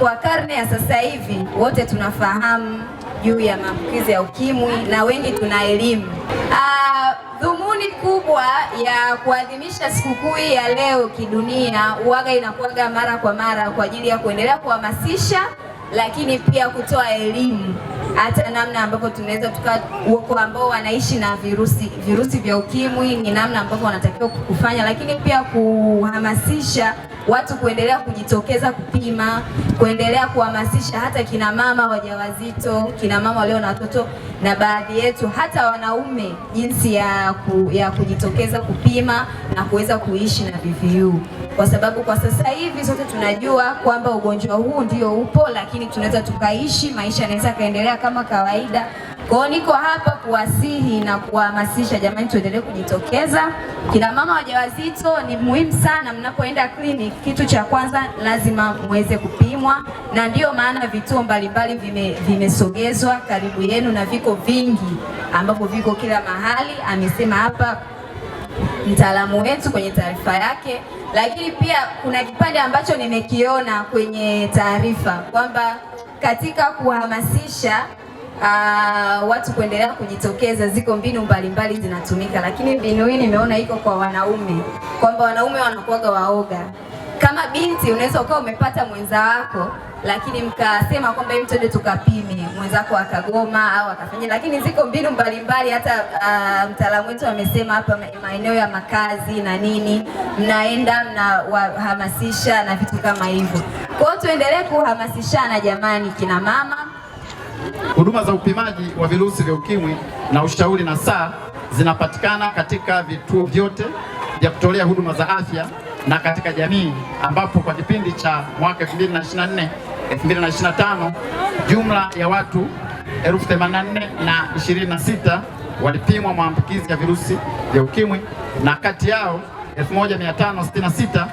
Kwa karne ya sasa hivi wote tunafahamu juu ya maambukizi ya ukimwi na wengi tuna elimu. Ah, dhumuni kubwa ya kuadhimisha sikukuu ya leo kidunia uwaga inakuwaga mara kwa mara kwa ajili ya kuendelea kuhamasisha, lakini pia kutoa elimu hata namna ambavyo tunaweza tuka kwa ambao wanaishi na virusi virusi vya ukimwi ni namna ambavyo wanatakiwa kufanya, lakini pia kuhamasisha watu kuendelea kujitokeza kupima, kuendelea kuhamasisha hata kina mama wajawazito, kina mama walio na watoto na baadhi yetu hata wanaume, jinsi ya, ku, ya kujitokeza kupima na kuweza kuishi na VVU, kwa sababu kwa sasa hivi sote tunajua kwamba ugonjwa huu ndio upo, lakini tunaweza tukaishi maisha yanaweza kaendelea kama kawaida. Kwa niko hapa kuwasihi na kuwahamasisha, jamani, tuendelee kujitokeza. Kina mama wajawazito, ni muhimu sana mnapoenda kliniki, kitu cha kwanza lazima muweze kupimwa, na ndiyo maana vituo mbalimbali vimesogezwa vime karibu yenu na viko vingi ambapo viko kila mahali, amesema hapa mtaalamu wetu kwenye taarifa yake. Lakini pia kuna kipande ambacho nimekiona kwenye taarifa kwamba katika kuhamasisha Aa, ah, watu kuendelea kujitokeza. Ziko mbinu mbalimbali zinatumika, lakini mbinu hii nimeona iko kwa wanaume, kwamba wanaume wanakuwaga waoga. Kama binti unaweza ukawa umepata mwenza wako lakini mkasema kwamba hebu twende tukapime, mwenzako akagoma au akafanya. Lakini ziko mbinu mbalimbali, hata uh, mtaalamu wetu amesema hapa, maeneo ya makazi na nini, mnaenda mnawahamasisha na vitu kama hivyo. Kwa hiyo tuendelee kuhamasishana jamani, kina mama Huduma za upimaji wa virusi vya ukimwi na ushauri na saa zinapatikana katika vituo vyote vya kutolea huduma za afya na katika jamii ambapo kwa kipindi cha mwaka 2024 2025 jumla ya watu 84,026 walipimwa maambukizi ya virusi vya ukimwi na kati yao 1566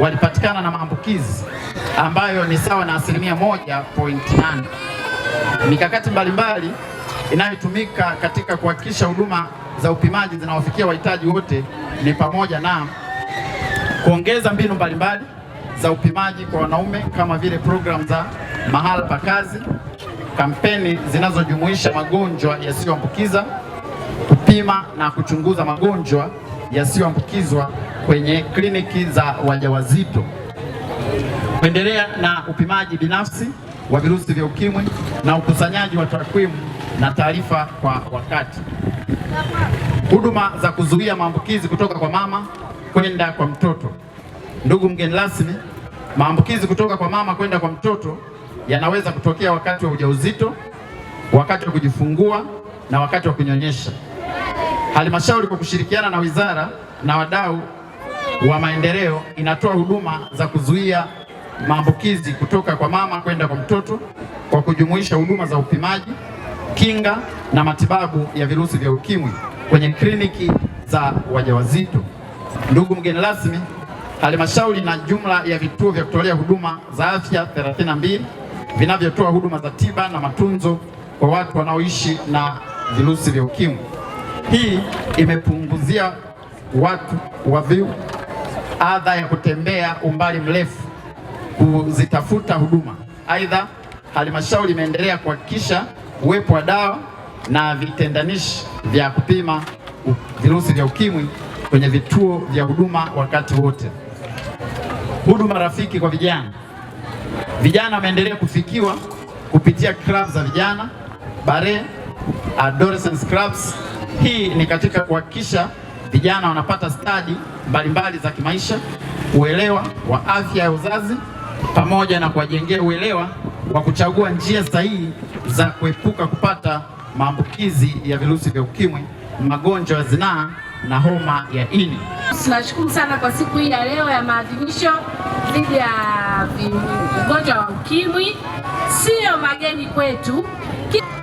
walipatikana na maambukizi ambayo ni sawa na asilimia 1.8 mikakati mbalimbali inayotumika katika kuhakikisha huduma za upimaji zinawafikia wahitaji wote ni pamoja na kuongeza mbinu mbalimbali za upimaji kwa wanaume kama vile programu za mahala pa kazi, kampeni zinazojumuisha magonjwa yasiyoambukiza, kupima na kuchunguza magonjwa yasiyoambukizwa kwenye kliniki za wajawazito, kuendelea na upimaji binafsi wa virusi vya ukimwi na ukusanyaji wa takwimu na taarifa kwa wakati. Huduma za kuzuia maambukizi kutoka kwa mama kwenda kwa mtoto. Ndugu mgeni rasmi, maambukizi kutoka kwa mama kwenda kwa mtoto yanaweza kutokea wakati wa ujauzito, wakati wa kujifungua na wakati wa kunyonyesha. Halmashauri kwa kushirikiana na wizara na wadau wa maendeleo inatoa huduma za kuzuia maambukizi kutoka kwa mama kwenda kwa mtoto kwa kujumuisha huduma za upimaji, kinga na matibabu ya virusi vya ukimwi kwenye kliniki za wajawazito. Ndugu mgeni rasmi, halmashauri na jumla ya vituo vya kutolea huduma za afya 32 vinavyotoa huduma za tiba na matunzo kwa watu wanaoishi na virusi vya ukimwi. Hii imepunguzia watu waviu adha ya kutembea umbali mrefu kuzitafuta huduma. Aidha, halmashauri imeendelea kuhakikisha uwepo wa dawa na vitendanishi vya kupima virusi vya ukimwi kwenye vituo vya huduma wakati wote. Huduma rafiki kwa vijana, vijana wameendelea kufikiwa kupitia club za vijana, bare, adolescent clubs. Hii ni katika kuhakikisha vijana wanapata stadi mbalimbali za kimaisha, uelewa wa afya ya uzazi pamoja na kuwajengea uelewa wa kuchagua njia sahihi za kuepuka kupata maambukizi ya virusi vya ukimwi, magonjwa ya zinaa na homa ya ini. Tunashukuru sana kwa siku hii ya leo ya maadhimisho dhidi ya ugonjwa wa ukimwi, siyo mageni kwetu.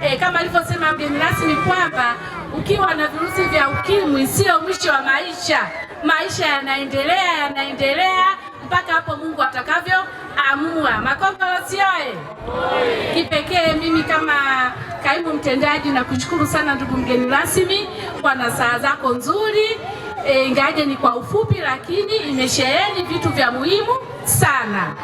E, kama alivyosema mgeni rasmi kwamba ukiwa na virusi vya ukimwi sio mwisho wa maisha, maisha yanaendelea, yanaendelea mpaka hapo Mungu atakavyoamua. Makongoro sioe! Kipekee mimi kama kaimu mtendaji nakushukuru sana ndugu mgeni rasmi kwa nasaha zako nzuri, eh, ingaje e, ni kwa ufupi, lakini imesheheni vitu vya muhimu sana.